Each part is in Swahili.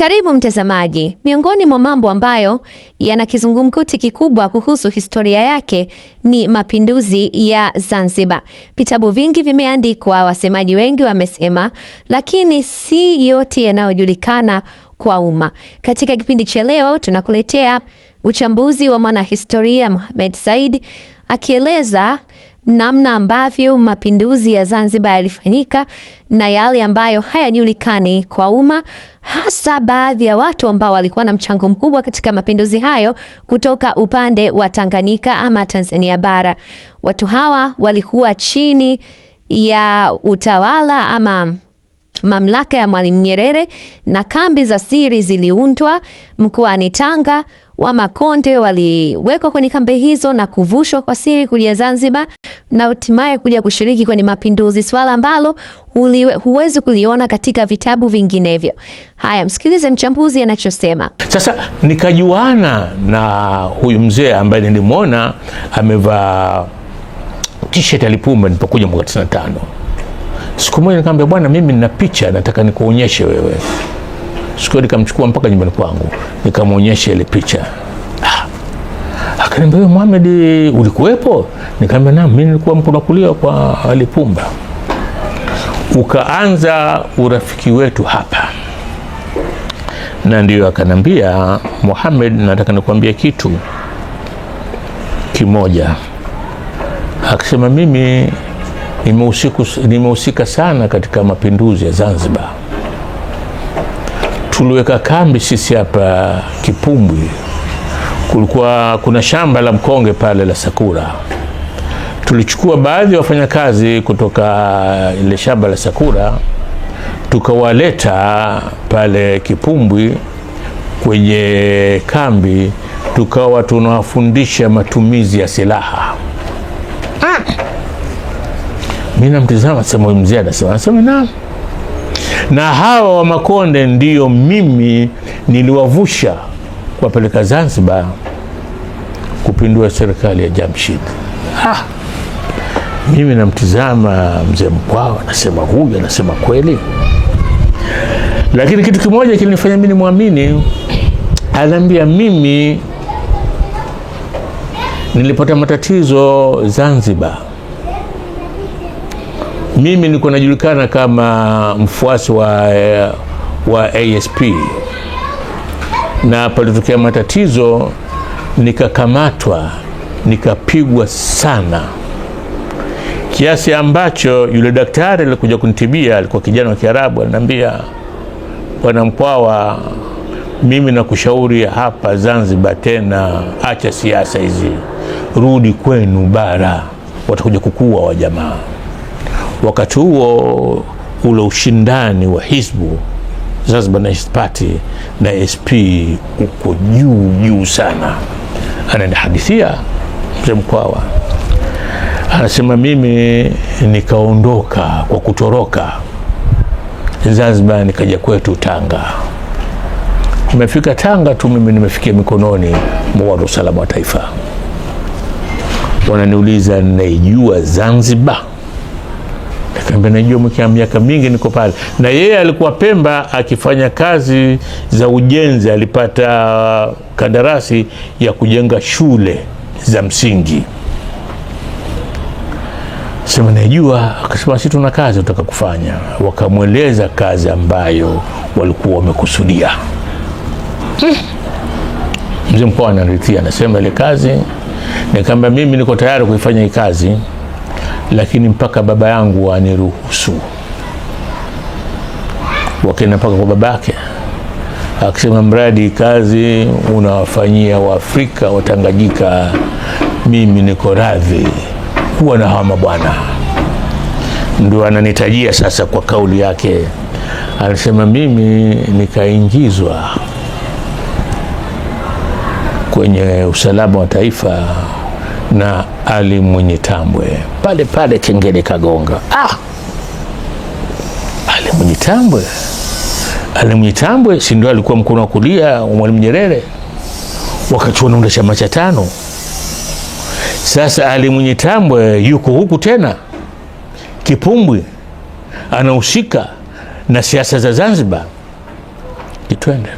Karibu mtazamaji. Miongoni mwa mambo ambayo yana kizungumkuti kikubwa kuhusu historia yake ni mapinduzi ya Zanzibar. Vitabu vingi vimeandikwa, wasemaji wengi wamesema, lakini si yote yanayojulikana kwa umma. Katika kipindi cha leo tunakuletea uchambuzi wa mwanahistoria Mohamed Said akieleza namna ambavyo mapinduzi ya Zanzibar yalifanyika na yale ambayo hayajulikani kwa umma, hasa baadhi ya watu ambao walikuwa na mchango mkubwa katika mapinduzi hayo kutoka upande wa Tanganyika ama Tanzania bara. Watu hawa walikuwa chini ya utawala ama Mamlaka ya Mwalimu Nyerere na kambi za siri ziliundwa mkoani Tanga. wa makonde waliwekwa kwenye kambi hizo na kuvushwa kwa siri kuja Zanzibar na hatimaye kuja kushiriki kwenye mapinduzi, swala ambalo huwezi kuliona katika vitabu vinginevyo. Haya, msikilize mchambuzi anachosema. Sasa nikajuana na huyu mzee ambaye nilimwona amevaa t-shirt ya Lipumba nilipokuja mwaka 95 Siku moja nikamwambia, bwana, mimi nina picha nataka nikuonyeshe wewe. Siku hiyo nikamchukua mpaka nyumbani kwangu nikamwonyesha ile picha. Ah, akaniambia wewe Mohamed, ulikuwepo? Nikamwambia naam, mimi nilikuwa mkono kulia kwa alipumba Ukaanza urafiki wetu hapa, na ndio akanambia, Mohamed, nataka nikuambia kitu kimoja. Akasema mimi nimehusika sana katika mapinduzi ya Zanzibar. Tuliweka kambi sisi hapa Kipumbwi, kulikuwa kuna shamba la mkonge pale la Sakura. Tulichukua baadhi ya wafanyakazi kutoka ile shamba la Sakura tukawaleta pale Kipumbwi kwenye kambi, tukawa tunawafundisha matumizi ya silaha mimi namtizama sema huyu mzee anasema anasema na Na hawa wa Makonde ndio mimi niliwavusha kuwapeleka Zanzibar kupindua serikali ya Jamshid. Ah, mimi namtizama mzee Mkwao anasema huyu anasema kweli, lakini kitu kimoja kilinifanya mimi nimwamini. Anaambia mimi nilipata matatizo Zanzibar mimi niko najulikana kama mfuasi wa, eh, wa ASP na palitokea matatizo, nikakamatwa nikapigwa sana kiasi ambacho yule daktari alikuja kunitibia, alikuwa kijana wa Kiarabu, ananiambia Bwana Mkwawa, mimi nakushauri hapa Zanzibar tena, acha siasa hizi, rudi kwenu bara, watakuja kukua wa jamaa. Wakati huo ule ushindani wa Hizbu Zanzibar National Party na sp uko juu juu sana. Ananihadithia mzee Mkwawa, anasema mimi nikaondoka kwa kutoroka Zanzibar, nikaja kwetu Tanga. Nimefika Tanga tu mimi nimefikia mikononi mwa watu wa usalama wa taifa, wananiuliza naijua Zanzibar Kaambia najua mke, miaka mingi niko pale. Na yeye alikuwa Pemba akifanya kazi za ujenzi, alipata kandarasi ya kujenga shule za msingi. Sema najua, akasema si tuna kazi utaka kufanya. Wakamweleza kazi ambayo walikuwa wamekusudia. Mzee mkoa ananitia, anasema ile kazi, nikaambia mimi niko tayari kuifanya hii kazi lakini mpaka baba yangu aniruhusu. Wakenda mpaka kwa babake, akisema mradi kazi unawafanyia Waafrika Watanganyika, mimi niko radhi kuwa na hawa mabwana. ndo ananitajia sasa kwa kauli yake, anasema mimi nikaingizwa kwenye usalama wa taifa na Ali Mwinyi Tambwe pale pale kengele kagonga. Ah, Ali Mwinyi Tambwe, Ali Mwinyi Tambwe si ndio alikuwa mkono wa kulia wa Mwalimu Nyerere wakati wanaunda chama cha tano. Sasa Ali Mwinyi Tambwe yuko huku tena Kipumbwi, anahusika na siasa za Zanzibar. Kitwende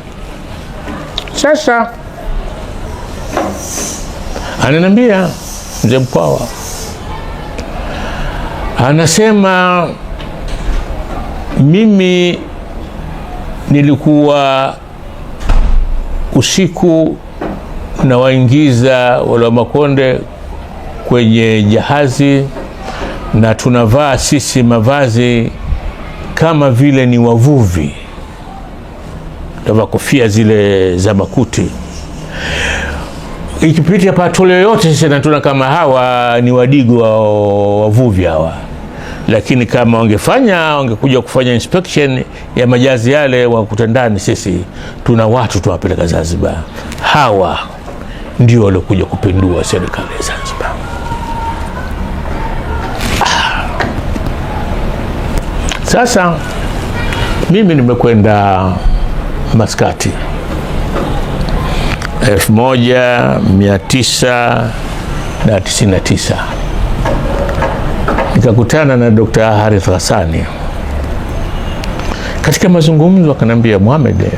sasa, ananiambia mzee Mkwawa anasema mimi nilikuwa usiku na waingiza wale wa Makonde kwenye jahazi, na tunavaa sisi mavazi kama vile ni wavuvi, tunavaa kofia zile za makuti ikipitia patole yoyote, sisi natuna kama hawa ni wadigo wavuvi hawa, lakini kama wangefanya wangekuja kufanya inspection ya majazi yale, wakuta ndani sisi tuna watu tunawapeleka Zanzibar. Hawa ndio waliokuja kupindua serikali ya Zanzibar. Sasa mimi nimekwenda Maskati. 1999 nikakutana na Dr. Harith Ghassani katika mazungumzo, akaniambia Mohamed,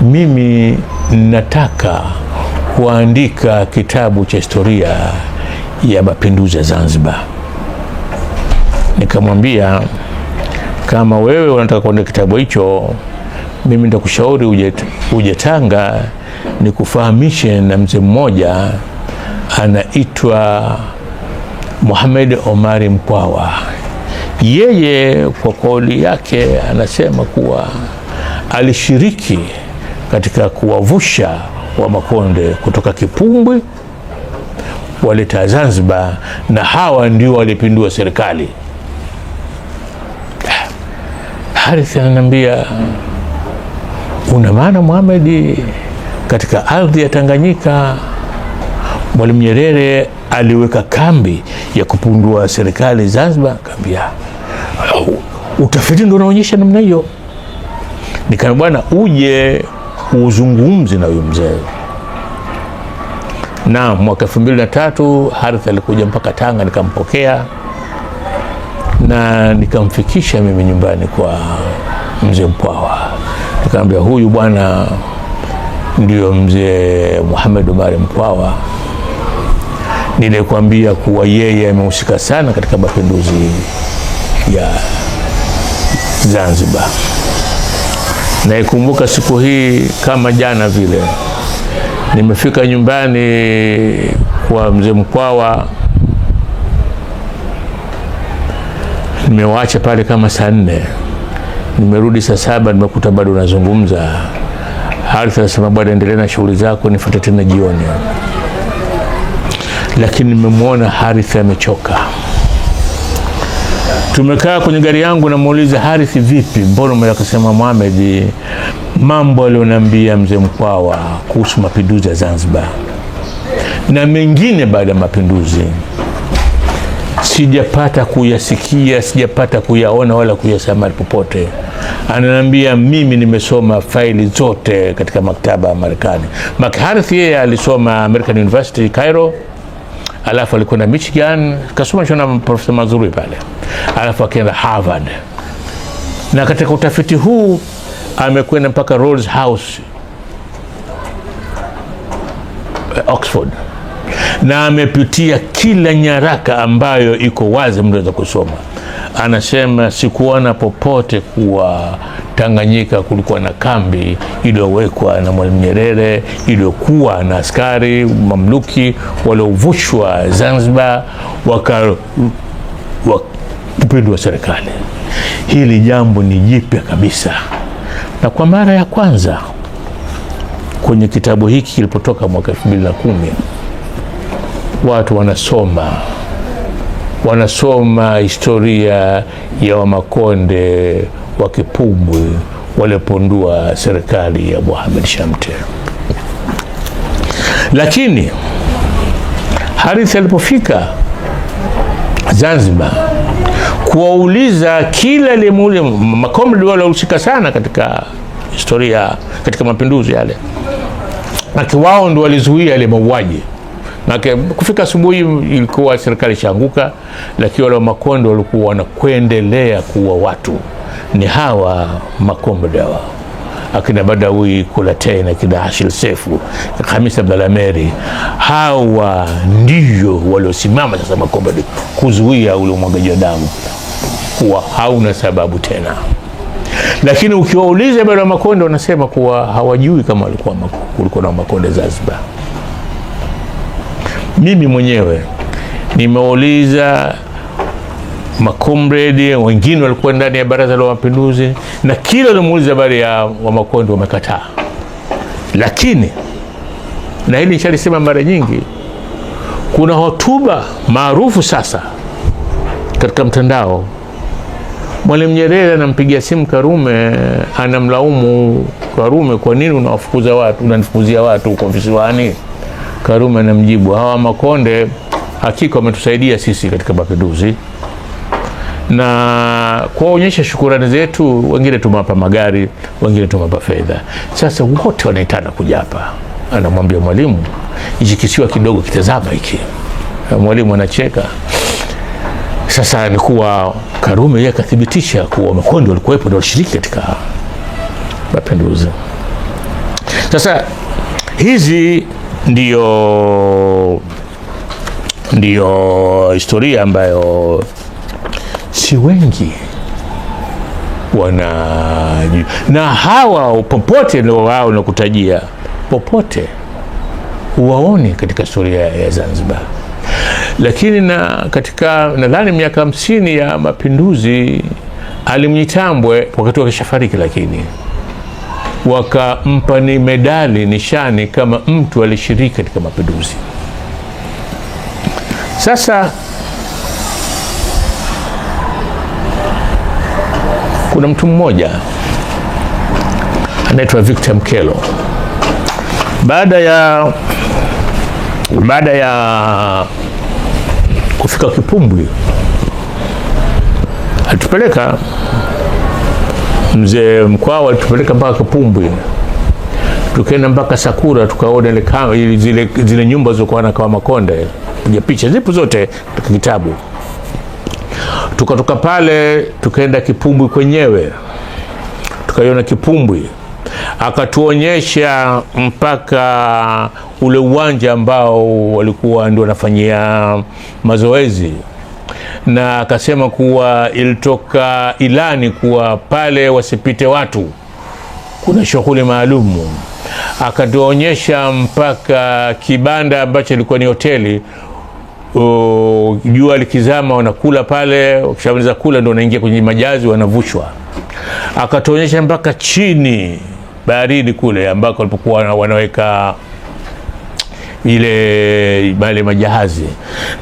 mimi nataka kuandika kitabu cha historia ya mapinduzi ya Zanzibar. Nikamwambia, kama wewe unataka kuandika kitabu hicho, mimi nitakushauri uje Tanga ni kufahamishe na mzee mmoja anaitwa Muhammad Omari Mkwawa. Yeye kwa kauli yake anasema kuwa alishiriki katika kuwavusha wa makonde kutoka kipumbwi waleta Zanzibar, na hawa ndio walipindua serikali. Harith ananiambia, una maana Muhamedi katika ardhi ya Tanganyika, Mwalimu Nyerere aliweka kambi ya kupundua serikali Zanzibar. Kambi ya uh, utafiti ndio unaonyesha namna hiyo. Nikana bwana, uje uzungumzi na huyu mzee na mwaka elfu mbili na tatu Harith alikuja mpaka Tanga, nikampokea na nikamfikisha mimi nyumbani kwa mzee mkwawa nikamwambia huyu bwana ndio mzee Muhammad Omar Mkwawa nilikwambia kuwa yeye amehusika sana katika mapinduzi ya Zanzibar. Naikumbuka siku hii kama jana vile, nimefika nyumbani kwa mzee Mkwawa, nimewaacha pale kama saa nne, nimerudi saa saba, nimekuta bado unazungumza Harith anasema bwana, endelea na shughuli zako, nifuate tena jioni. Lakini nimemwona Harith amechoka. Tumekaa kwenye gari yangu, namuuliza Harith, vipi, mbona mimi? Akasema Mohamed, mambo aliyoniambia mzee Mkwawa kuhusu mapinduzi ya Zanzibar na mengine baada ya mapinduzi sijapata kuyasikia, sijapata kuyaona wala kuyasema popote. Ananiambia mimi nimesoma faili zote katika maktaba ya Marekani. McCarthy yeye alisoma American University Cairo, alafu alikwenda Michigan kasoma shona profesa mazuri pale, alafu akaenda Harvard, na katika utafiti huu amekwenda mpaka rolls House Oxford na amepitia kila nyaraka ambayo iko wazi, mnaweza kusoma. Anasema sikuona popote kuwa Tanganyika kulikuwa na kambi iliyowekwa na Mwalimu Nyerere iliyokuwa na askari mamluki waliovushwa Zanzibar waka serikali. Hili jambo ni jipya kabisa, na kwa mara ya kwanza kwenye kitabu hiki kilipotoka mwaka elfu mbili na kumi watu wanasoma wanasoma historia ya Wamakonde wa kipumbwi walipondua serikali ya Mohamed Shamte, lakini Harithi alipofika Zanzibar kuwauliza kila limuli makomredi waliohusika sana katika historia katika mapinduzi yale, akiwao ndi walizuia yale mauaji na kufika asubuhi ilikuwa serikali ishaanguka, lakini wale Makonde walikuwa wanakuendelea kuwa watu ni hawa makomboda wao akina Badawi Kulatein, akina Hashil Sefu, Hamis Abdalla hawa ndio waliosimama sasa makomboda kuzuia ule umwagaji wa damu kuwa hauna sababu tena. Lakini ukiwauliza bado makonde wanasema kuwa hawajui kama walikuwa kulikuwa na makonde Zanzibar. Mimi mwenyewe nimeuliza makomredi wengine walikuwa ndani ya Baraza la Mapinduzi, na kila limuuliza habari ya Wamakonde wamekataa. Lakini na hili nishalisema mara nyingi, kuna hotuba maarufu sasa katika mtandao. Mwalimu Nyerere anampigia simu Karume, anamlaumu Karume, kwa nini unawafukuza watu, unanifukuzia watu huko visiwani? Karume na mjibu, hawa makonde hakika wametusaidia sisi katika mapinduzi, na kuwaonyesha shukurani zetu, wengine tumewapa magari, wengine tumewapa fedha. Sasa wote wanaitana kuja hapa, anamwambia mwalimu, hichi kisiwa kidogo kitazama hiki. Mwalimu anacheka. Sasa ni kuwa Karume yeye akathibitisha kuwa makonde walikuwepo ndio walishiriki katika mapinduzi. Sasa hizi ndiyo, ndiyo historia ambayo si wengi wana na hawa popote wao nakutajia popote huwaoni katika historia ya Zanzibar, lakini na katika nadhani miaka hamsini ya mapinduzi, Alimnyitambwe wakati wakishafariki, lakini wakampa ni medali nishani kama mtu alishiriki katika mapinduzi. Sasa kuna mtu mmoja anaitwa Victor Mkelo baada ya baada ya kufika Kipumbwi alitupeleka mzee Mkwawa alitupeleka mpaka Kapumbwi, tukaenda mpaka Sakura, tukaona ile kama zile, zile nyumba zilizokuwa na kama makonde, piga picha, zipo zote katika kitabu. Tukatoka pale tukaenda Kipumbwi kwenyewe, tukaiona Kipumbwi, akatuonyesha mpaka ule uwanja ambao walikuwa ndio wanafanyia mazoezi na akasema kuwa ilitoka ilani kuwa pale wasipite watu, kuna shughuli maalumu. Akatuonyesha mpaka kibanda ambacho ilikuwa ni hoteli. Jua likizama wanakula pale, wakishamaliza kula ndo wanaingia kwenye majazi, wanavushwa. Akatuonyesha mpaka chini baridi kule ambako walipokuwa wanaweka ile bale majahazi,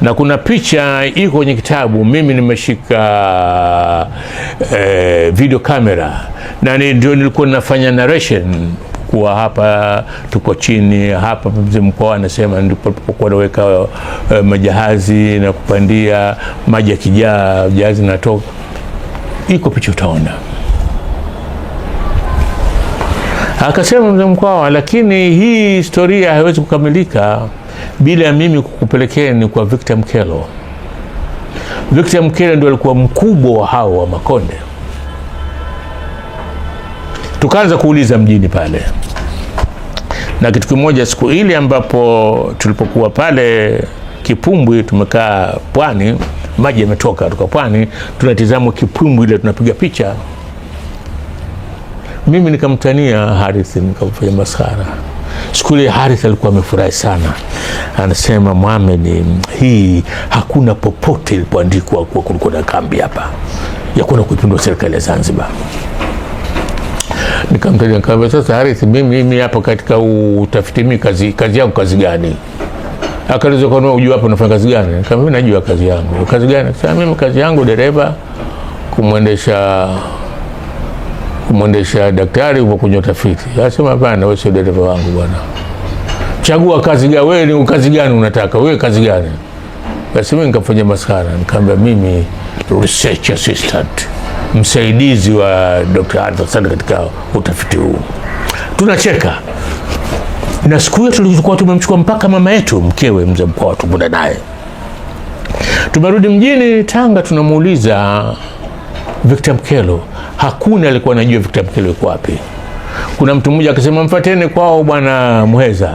na kuna picha iko kwenye kitabu. Mimi nimeshika eh, video camera na ndio nilikuwa ninafanya narration kuwa hapa tuko chini hapa mzee mkoa anasema ndipo naweka uh, eh, majahazi na kupandia maji yakijaa jahazi natoka. Iko picha utaona. Akasema mzee Mkwawa, lakini hii historia haiwezi kukamilika bila ya mimi kukupelekeni kwa Victor Mkelo. Victor Mkelo ndio alikuwa mkubwa wa hao wa Makonde. Tukaanza kuuliza mjini pale, na kitu kimoja, siku ile ambapo tulipokuwa pale Kipumbwi tumekaa pwani, maji yametoka, tuka pwani tunatizama Kipumbwi ile tunapiga picha mimi nikamtania Harith, nikamfanya maskara. Siku ile Harith alikuwa amefurahi sana, anasema Mohamed, hii hakuna popote ilipoandikwa kuwa kulikuwa na kambi hapa ya kuna kuipindua serikali ya Zanzibar. Nikamtania kambi. sasa Harith, mimi mimi hapa katika utafiti mimi kazi kazi yangu kazi gani? Akaliza, kwa nini unajua hapa unafanya kazi gani? Nikamwambia, najua kazi yangu. Kazi gani? Sasa mimi kazi yangu dereva kumwendesha kumwendesha daktari kwa kunywa tafiti. Anasema hapana, wewe sio dereva wangu bwana. Chagua kazi gani wewe, ni kazi gani unataka wewe, kazi gani? Basi mimi nikafanya maskara, nikamwambia mimi research assistant, msaidizi wa Dr. Arthur Saad katika utafiti huu. Tunacheka na siku hiyo tulikuwa tumemchukua mpaka mama yetu mkewe, mzee mkoa, tukwenda naye. Tumerudi mjini Tanga, tunamuuliza Victor Mkelo hakuna alikuwa anajua Victor Mkele yuko wapi. Kuna mtu mmoja akasema, mfateni kwao bwana Mweza,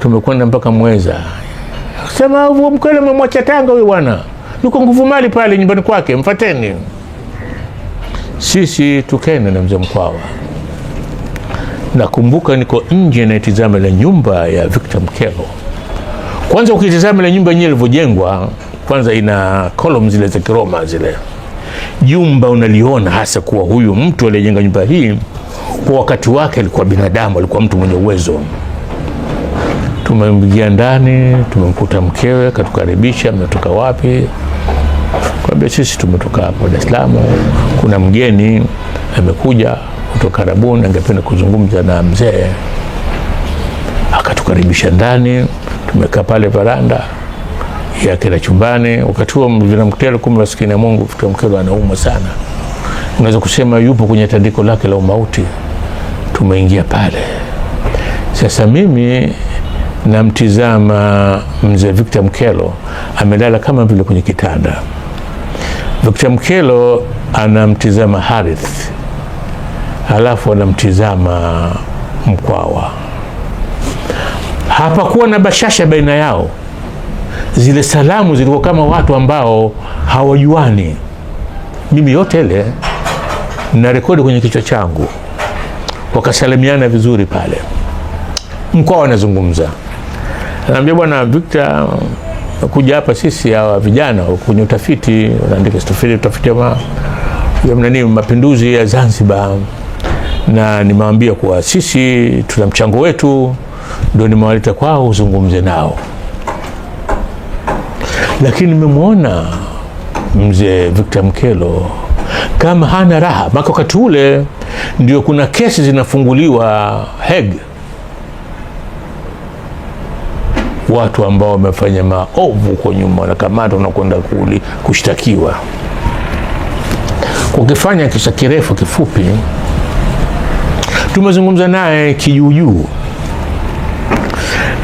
Tumekwenda mpaka Mweza, akasema Mkele amemwacha Tanga huyu bwana, yuko nguvu mali pale nyumbani kwake, mfateni. Sisi tukenda na mzee Mkwawa. Nakumbuka niko nje naitizama ile nyumba ya Victor Mkelo. Kwanza ukitizama ile nyumba yenyewe ilivyojengwa, kwanza ina kolom zile za Kiroma zile jumba unaliona hasa kuwa huyu mtu aliyejenga nyumba hii kwa wakati wake alikuwa binadamu, alikuwa mtu mwenye uwezo. Tumemgia ndani, tumemkuta mkewe, katukaribisha, mnatoka wapi? Kwambia sisi tumetoka hapa Dar es Salaam, kuna mgeni amekuja kutoka Arabuni, angependa kuzungumza na mzee. Akatukaribisha ndani, tumekaa pale varanda ya kila chumbani. Wakati huo vinamkutela kumbe, maskini ya Mungu mkelo anaumwa sana, unaweza kusema yupo kwenye tandiko lake la umauti. Tumeingia pale sasa, mimi namtizama mzee Victor Mkelo amelala kama vile kwenye kitanda. Victor Mkelo anamtizama Harith, alafu anamtizama Mkwawa. Hapakuwa na bashasha baina yao zile salamu zilikuwa kama watu ambao hawajuani. Mimi yote ile na rekodi kwenye kichwa changu, wakasalimiana vizuri pale, mkoa anazungumza, anaambia bwana Victor, kuja hapa sisi hawa vijana kwenye utafiti, unaandika utafiti wa nani, mapinduzi ya Zanzibar, na nimewambia kuwa sisi tuna mchango wetu, ndio nimewaleta kwao uzungumze nao lakini nimemwona mzee Victor Mkelo kama hana raha maka. Wakati ule ndio kuna kesi zinafunguliwa Hague, watu ambao wamefanya maovu huko nyuma wanakamata, wanakwenda kushtakiwa. Ukifanya kisa kirefu kifupi, tumezungumza naye kijuujuu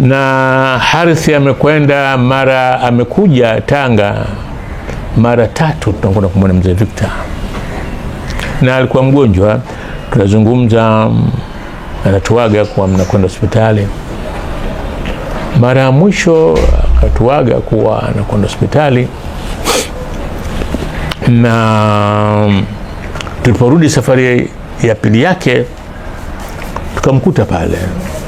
na Harithi amekwenda mara, amekuja Tanga mara tatu, tunakwenda kumwona mzee Victor na alikuwa mgonjwa, tunazungumza, anatuaga kuwa mnakwenda hospitali. Mara ya mwisho akatuaga kuwa anakwenda hospitali, na tuliporudi safari ya pili yake tukamkuta pale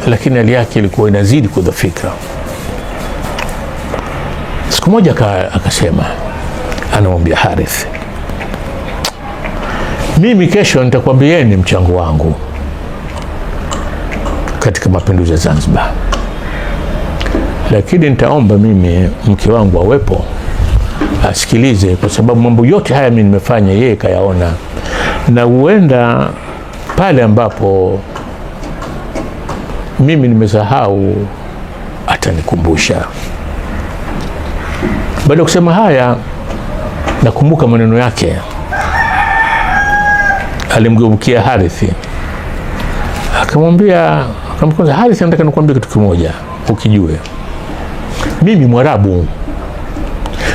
lakini hali yake ilikuwa inazidi kudhofika. Siku moja akasema, anamwambia Harith, mimi kesho nitakwambieni mchango wangu katika mapinduzi ya Zanzibar, lakini nitaomba mimi mke wangu awepo asikilize, kwa sababu mambo yote haya mimi nimefanya, yeye kayaona, na huenda pale ambapo mimi nimesahau, atanikumbusha. Baada ya kusema haya, nakumbuka maneno yake. Alimgeukia Harithi akamwambia, akamkosa Harithi, nataka nikwambie kitu kimoja ukijue, mimi Mwarabu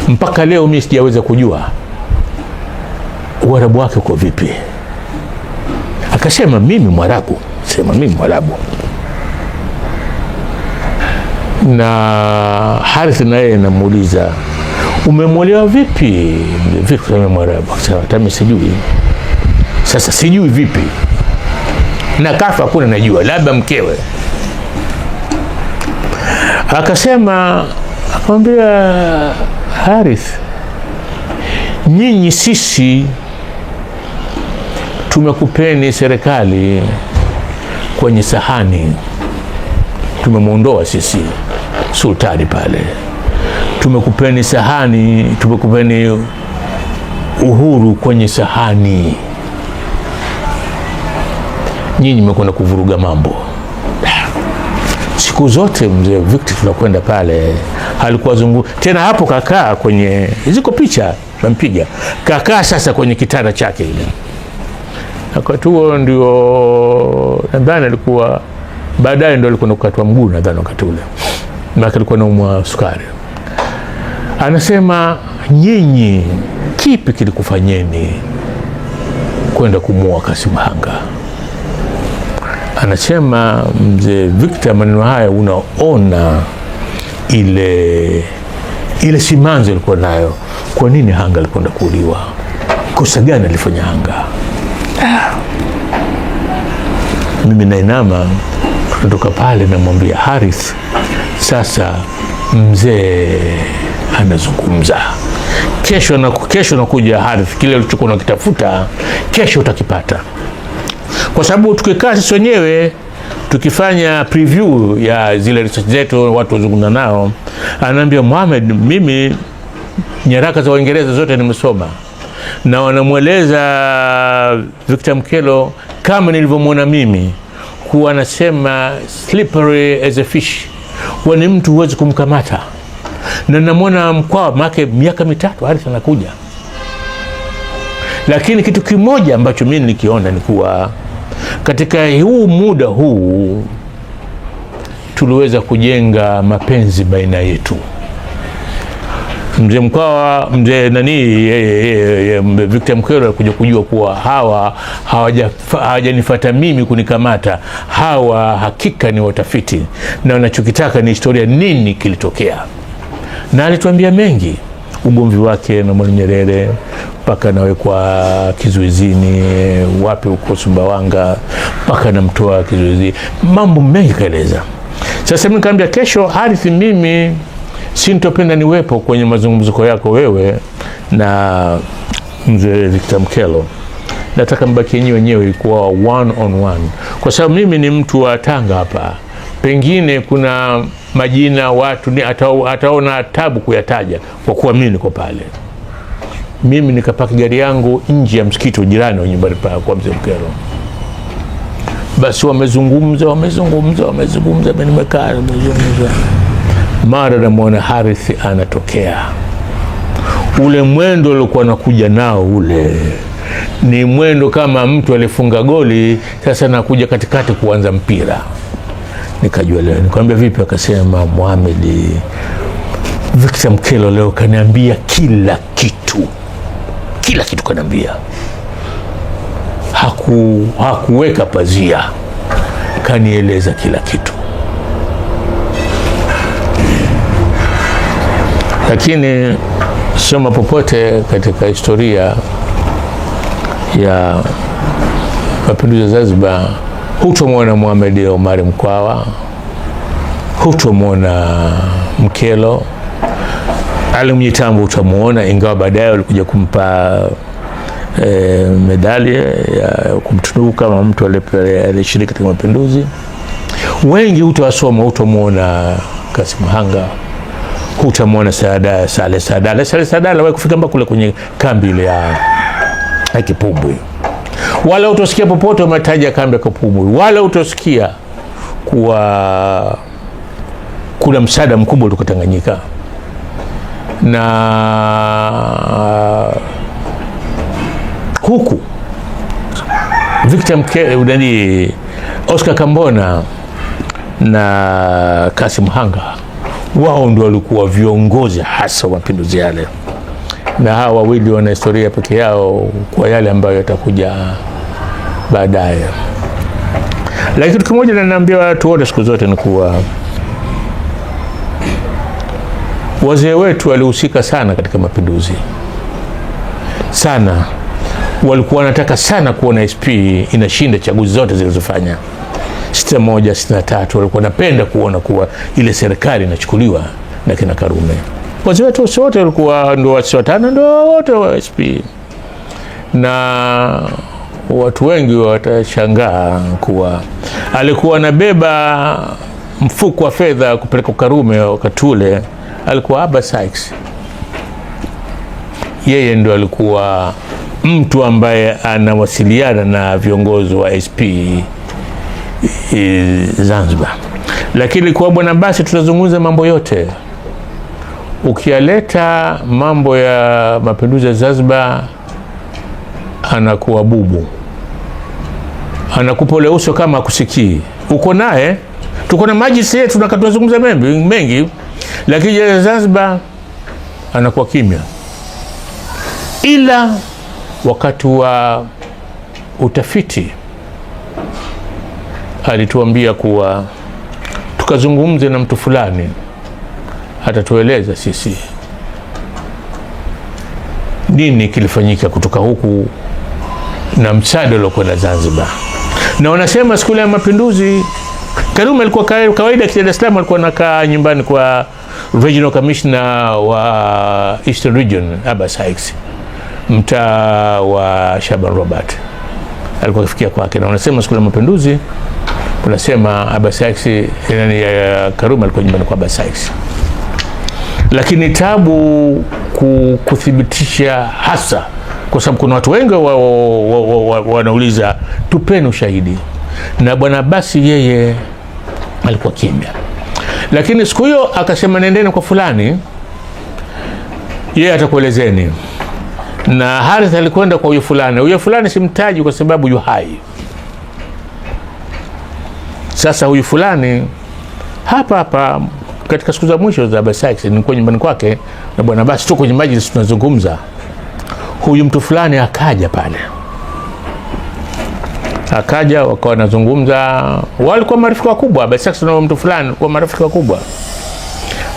mpaka leo mimi sijaweza kujua Uarabu wake uko vipi. Akasema mimi Mwarabu, sema mimi Mwarabu na Harith naye namuuliza umemwolewa vipi? Mwarabu tami sijui. Sasa sijui vipi na kafa hakuna, najua labda mkewe. Akasema, akamwambia Harith, nyinyi sisi tumekupeni serikali kwenye sahani, tumemwondoa sisi sultani pale, tumekupeni sahani, tumekupeni uhuru kwenye sahani, nyinyi mmekwenda kuvuruga mambo. Siku zote mzee Victor tunakwenda pale, alikuwa zungu tena hapo, kakaa kwenye, ziko picha tunampiga, kakaa sasa kwenye kitanda chake ile wakati huo ndio nadhani alikuwa baadaye, ndo alikuwa nakukatwa mguu nadhani wakati ule maana alikuwa naumwa sukari. Anasema, nyinyi kipi kilikufanyeni kwenda kumua Kassim Hanga? Anasema mzee Victor, maneno haya unaona ile ile simanzo ilikuwa nayo. Kwa nini Hanga alikwenda kuuliwa? Kosa gani alifanya Hanga? Mimi nainama kutoka pale, namwambia Harith sasa mzee amezungumza, kesho na kesho nakuja ardhi, kile ulichokuwa unakitafuta kesho utakipata, kwa sababu tukikaa sisi wenyewe tukifanya preview ya zile research zetu, watu wazungumza nao, anaambia muhamed mimi nyaraka za Uingereza zote nimesoma, na wanamweleza Victor Mkelo kama nilivyomwona mimi, kuwa anasema slippery as a fish wani mtu huwezi kumkamata, na namwona Mkwawa make miaka mitatu Harith anakuja, lakini kitu kimoja ambacho mimi nilikiona ni kuwa katika huu muda huu tuliweza kujenga mapenzi baina yetu mzee Mkwawa, mzee nani yeye Victor Mkwera alikuja kujua kuwa hawa hawajanifuata mimi kunikamata, hawa hakika ni watafiti na wanachokitaka ni historia, nini kilitokea. Na alituambia mengi, ugomvi wake na Mwalimu Nyerere mpaka nawekwa kizuizini wapi huko Sumbawanga, mpaka namtoa kizuizini, mambo mengi kaeleza. Sasa mimi nikaambia, kesho harithi mimi sintopenda niwepo kwenye mazungumzo yako wewe na mzee Victor Mkelo. Nataka mbaki nyi wenyewe kuwa one on one, kwa sababu mimi ni mtu wa Tanga hapa, pengine kuna majina watu ni ataona tabu kuyataja kwa kuwa mimi niko pale. Mimi nikapaki gari yangu nje ya msikiti jirani wa nyumbani kwa mzee Mkelo. Basi wamezungumza wamezungumza wamezungumza, nimekaa nimezungumza mara namwona mwana Harithi anatokea. Ule mwendo uliokuwa nakuja nao ule ni mwendo kama mtu alifunga goli, sasa nakuja katikati kuanza mpira. Nikajua leo nikwambia vipi, akasema Mohamed Victor Mkelo leo kaniambia kila kitu, kila kitu kaniambia. Haku, hakuweka pazia, kanieleza kila kitu. Lakini soma popote katika historia ya mapinduzi ya Zanzibar hutomwona Mohamed Omar Mkwawa, hutomwona Mkelo. Ali Mnyitambo utamuona, ingawa baadaye walikuja kumpa e, medali ya kumtunuku kama mtu aliyeshiriki katika mapinduzi. Wengi hutawasoma, hutomwona Kasim Hanga hutamwona Saadala Sale Saadala Sale Saadala wahi kufika mpaka kule kwenye kambi ile ya ya wala utosikia popote ya kambi ya kipumbwi wala utosikia kuwa kuna msaada mkubwa ulikuwa Tanganyika na huku Victor Mke, eh, nani Oscar Kambona na Kasim Hanga wao ndio walikuwa viongozi hasa wa mapinduzi yale, na hawa wawili wana historia peke yao kwa yale ambayo yatakuja baadaye. Lakini kitu kimoja ninaambia watu wote siku zote ni kuwa wazee wetu walihusika sana katika mapinduzi sana, walikuwa wanataka sana kuona SP inashinda chaguzi zote zilizofanya. 61, walikuwa napenda kuona kuwa ile serikali inachukuliwa na kina Karume. Wazee wetu wote walikuwa ndio wa watano ndio wote wa SP, na watu wengi watashangaa kuwa alikuwa anabeba mfuko wa fedha kupeleka Karume wakati ule alikuwa Aba Sykes. Yeye ndo alikuwa mtu ambaye anawasiliana na viongozi wa SP Zanzibar. Lakini kwa Bwana basi, tutazungumza mambo yote, ukiyaleta mambo ya mapinduzi ya Zanzibar anakuwa bubu, anakupa ule uso kama akusikii. Uko naye, tuko na majlisi yetu tunazungumza mengi mengi, lakini ya Zanzibar anakuwa kimya, ila wakati wa utafiti alituambia kuwa tukazungumze na mtu fulani atatueleza sisi nini kilifanyika kutoka huku na msada uliokwenda Zanzibar. Na wanasema siku ya mapinduzi Karume alikuwa kawaida kija Dar es Salaam, alikuwa nakaa nyumbani kwa Regional Commissioner wa Eastern Region Abbas mtaa wa Shaban Robert, alikuwa akifikia kwake, na wanasema siku ya mapinduzi unasema Abasax yani eh, ya eh, Karume alikuwa nyumbani kwa Abasax, lakini tabu kuthibitisha hasa, kwa sababu kuna watu wengi wa, wa, wa, wa, wanauliza tupeni ushahidi, na bwana basi yeye alikuwa kimya, lakini siku hiyo akasema nendeni kwa fulani, yeye atakuelezeni. Na Harith alikwenda kwa huyo fulani, huyo fulani simtaji kwa sababu yu hai sasa huyu fulani hapa hapa katika siku za mwisho za Basaki, nilikuwa nyumbani kwake na bwana basi, tu kwenye majlis tunazungumza, huyu mtu fulani akaja pale, akaja wakawa wanazungumza, walikuwa marafiki wakubwa Basaki na mtu fulani kwa marafiki wakubwa.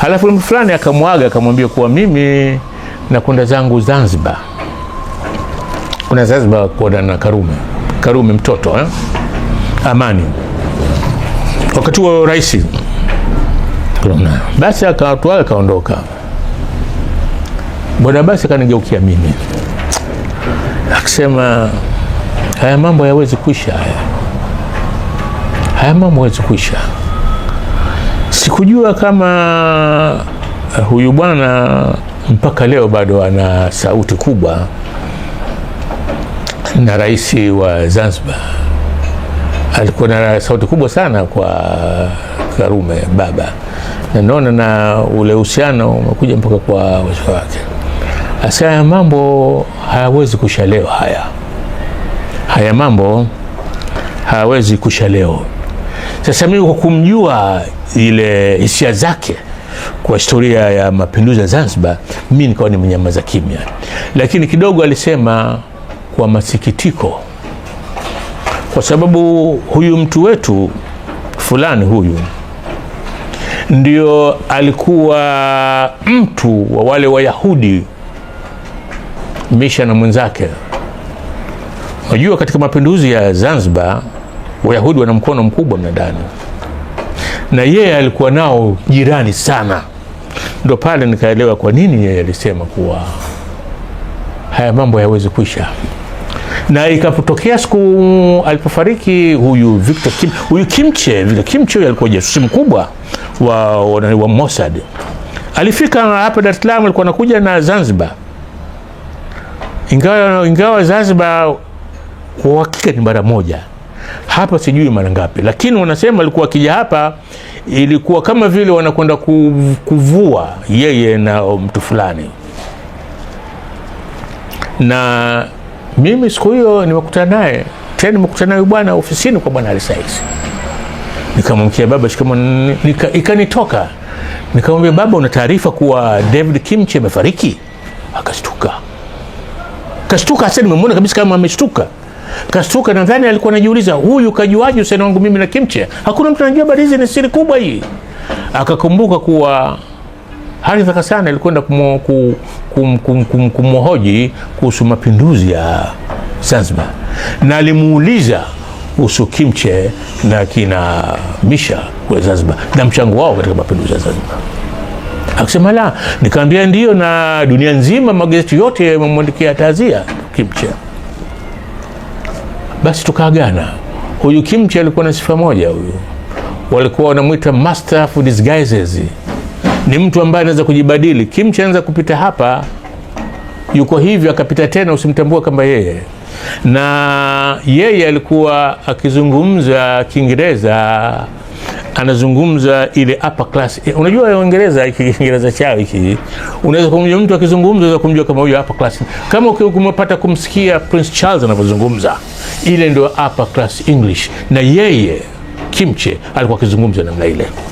Halafu mtu fulani akamwaga akamwambia kuwa mimi na kunda zangu Zanzibar, kuna Zanzibar kuonana na Karume Karume mtoto eh? Amani wakati wa rais basi, watu akaondoka Bwana basi akanigeukia mimi akisema, haya mambo hayawezi kuisha, haya haya mambo hayawezi kuisha. Sikujua kama eh, huyu bwana mpaka leo bado ana sauti kubwa na rais wa Zanzibar alikuwa na sauti kubwa sana kwa Karume baba, na naona na ule uhusiano umekuja mpaka kwa wazee wake. Sasa haya mambo hayawezi kusha leo, haya haya mambo hayawezi kusha leo. Sasa mimi kwa kumjua ile hisia zake kwa historia ya mapinduzi ya Zanzibar, mimi nikawa ni mnyamaza kimya, lakini kidogo alisema kwa masikitiko kwa sababu huyu mtu wetu fulani huyu ndio alikuwa mtu wa wale Wayahudi, Misha na mwenzake. Unajua, katika mapinduzi ya Zanzibar Wayahudi wana mkono mkubwa mnadani, na yeye alikuwa nao jirani sana. Ndo pale nikaelewa kwa nini yeye alisema kuwa haya mambo hayawezi kuisha na ikapotokea siku alipofariki huyu Victor Kim, huyu Kimche, Victor Kimche huyu alikuwa jasusi mkubwa wa, wa, wa Mossad. Alifika hapa Dar es Salaam, alikuwa anakuja na Zanzibar, ingawa ingawa Zanzibar kwa hakika ni mara moja hapa sijui mara ngapi, lakini wanasema alikuwa akija hapa ilikuwa kama vile wanakwenda kuvua yeye na mtu fulani na mimi siku hiyo nimekutana naye tena, nimekutana naye bwana ofisini kwa bwana Alisais, nikamwamkia baba shikamo, nika, ikanitoka nikamwambia baba, una taarifa kuwa David Kimche amefariki? Akashtuka, kashtuka sasa nimemwona kabisa kama ameshtuka Kastuka, nadhani alikuwa anajiuliza huyu kajuaje usani wangu mimi na Kimche? Hakuna mtu anajua, habari hizi ni siri kubwa hii. Akakumbuka kuwa Harith Hassan alikwenda kumhoji kum, kum, kum, kum kuhusu mapinduzi ya Zanzibar na alimuuliza kuhusu Kimche na kina Misha kwa Zanzibar na mchango wao katika mapinduzi ya Zanzibar. Akasema la, nikaambia ndio, na dunia nzima magazeti yote yamemwandikia taazia Kimche. Basi tukaagana. Huyu Kimche alikuwa na sifa moja, huyu walikuwa wanamwita master of disguises ni mtu ambaye anaweza kujibadili. Kimche anaweza kupita hapa, yuko hivyo, akapita tena, usimtambua kama yeye. Na yeye alikuwa akizungumza Kiingereza, anazungumza ile upper class. Eh, unajua Uingereza, Kiingereza chao hiki, unaweza kumjua mtu akizungumza, unaweza kumjua kama huyo upper class, kama ukimepata kumsikia Prince Charles anavyozungumza, ile ndio upper class English, na yeye Kimche alikuwa akizungumza namna ile.